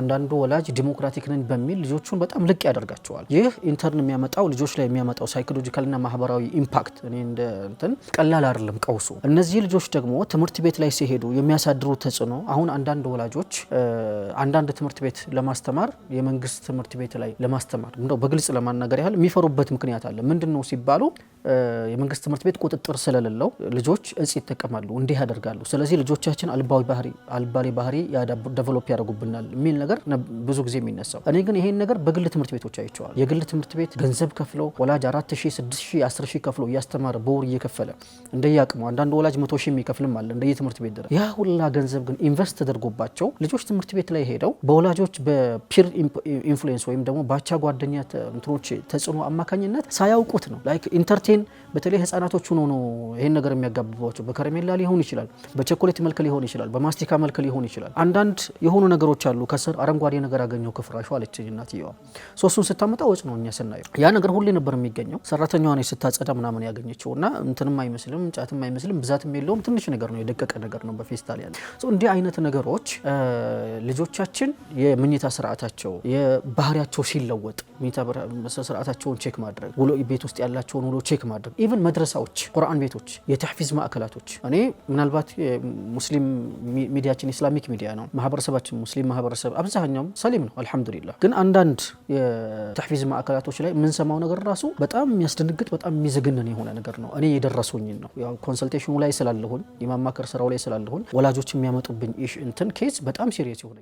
አንዳንዱ ወላጅ ዲሞክራቲክ ነን በሚል ልጆቹን በጣም ልቅ ያደርጋቸዋል። ይህ ኢንተርን የሚያመጣው ልጆች ላይ የሚያመጣው ሳይኮሎጂካልና ማህበራዊ ኢምፓክት እኔ እንደ እንትን ቀላል አይደለም ቀውሱ። እነዚህ ልጆች ደግሞ ትምህርት ቤት ላይ ሲሄዱ የሚያሳድሩ ተጽዕኖ አሁን አንዳንድ ወላጆች አንዳንድ ትምህርት ቤት ለማስተማር የመንግስት ትምህርት ቤት ላይ ለማስተማር እንደው በግልጽ ለማናገር ያህል የሚፈሩበት ምክንያት አለ። ምንድን ነው ሲባሉ የመንግስት ትምህርት ቤት ቁጥጥር ስለሌለው ልጆች እጽ ይጠቀማሉ፣ እንዲህ ያደርጋሉ። ስለዚህ ልጆቻችን አልባዊ ባህሪ አልባሌ ባህሪ ደቨሎፕ ያደርጉብናል የሚል ነገር ብዙ ጊዜ የሚነሳው። እኔ ግን ይሄን ነገር በግል ትምህርት ቤቶች አይቸዋል። የግል ትምህርት ቤት ገንዘብ ከፍለው ወላጅ አራት ሺ ስድስት ሺ አስር ሺ ከፍለው እያስተማረ በወር እየከፈለ እንደየ አቅሙ፣ አንዳንድ ወላጅ መቶ ሺ የሚከፍልም አለ እንደየ ትምህርት ቤት ድረስ። ያ ሁላ ገንዘብ ግን ኢንቨስት ተደርጎባቸው ልጆች ትምህርት ቤት ላይ ሄደው በወላጆች በፒር ኢንፍሉዌንስ ወይም ደግሞ ባቻ ጓደኛ እንትኖች ተጽዕኖ አማካኝነት ሳያውቁት ነው ኢንተርቴ ሴን በተለይ ህጻናቶች ነው ነው ይሄን ነገር የሚያጋብቧቸው። በከረሜላ ሊሆን ይችላል፣ በቸኮሌት መልክ ሊሆን ይችላል፣ በማስቲካ መልክ ሊሆን ይችላል። አንዳንድ የሆኑ ነገሮች አሉ። ከስር አረንጓዴ ነገር አገኘው ከፍራሹ አለችኝ እናትየዋ። ሶሱን ስታመጣ ወጭ ነው እኛ ስናየው። ያ ነገር ሁሌ ነበር የሚገኘው። ሰራተኛዋ ነች ስታጸዳ ምናምን ያገኘችው እና እንትንም አይመስልም፣ ጫትም አይመስልም፣ ብዛትም የለውም። ትንሽ ነገር ነው፣ የደቀቀ ነገር ነው በፌስታል ያለ። እንዲህ አይነት ነገሮች ልጆቻችን የምኝታ ስርዓታቸው የባህሪያቸው ሲለወጥ ምኝታ ስርዓታቸውን ቼክ ማድረግ፣ ቤት ውስጥ ያላቸውን ውሎ ቼክ ቼክ ማድረግ ኢቨን መድረሳዎች፣ ቁርአን ቤቶች፣ የተሕፊዝ ማዕከላቶች እኔ ምናልባት ሙስሊም ሚዲያችን ኢስላሚክ ሚዲያ ነው። ማህበረሰባችን ሙስሊም ማህበረሰብ አብዛኛውም ሰሊም ነው አልሐምዱሊላህ። ግን አንዳንድ የተሕፊዝ ማዕከላቶች ላይ የምንሰማው ነገር ራሱ በጣም የሚያስደንግጥ በጣም የሚዘግንን የሆነ ነገር ነው። እኔ የደረሱኝን ነው ያው ኮንሰልቴሽኑ ላይ ስላለሁኝ የማማከር ስራው ላይ ስላለሁን ወላጆች የሚያመጡብኝ ኢሽ እንትን ኬዝ በጣም ሲሪየስ የሆነ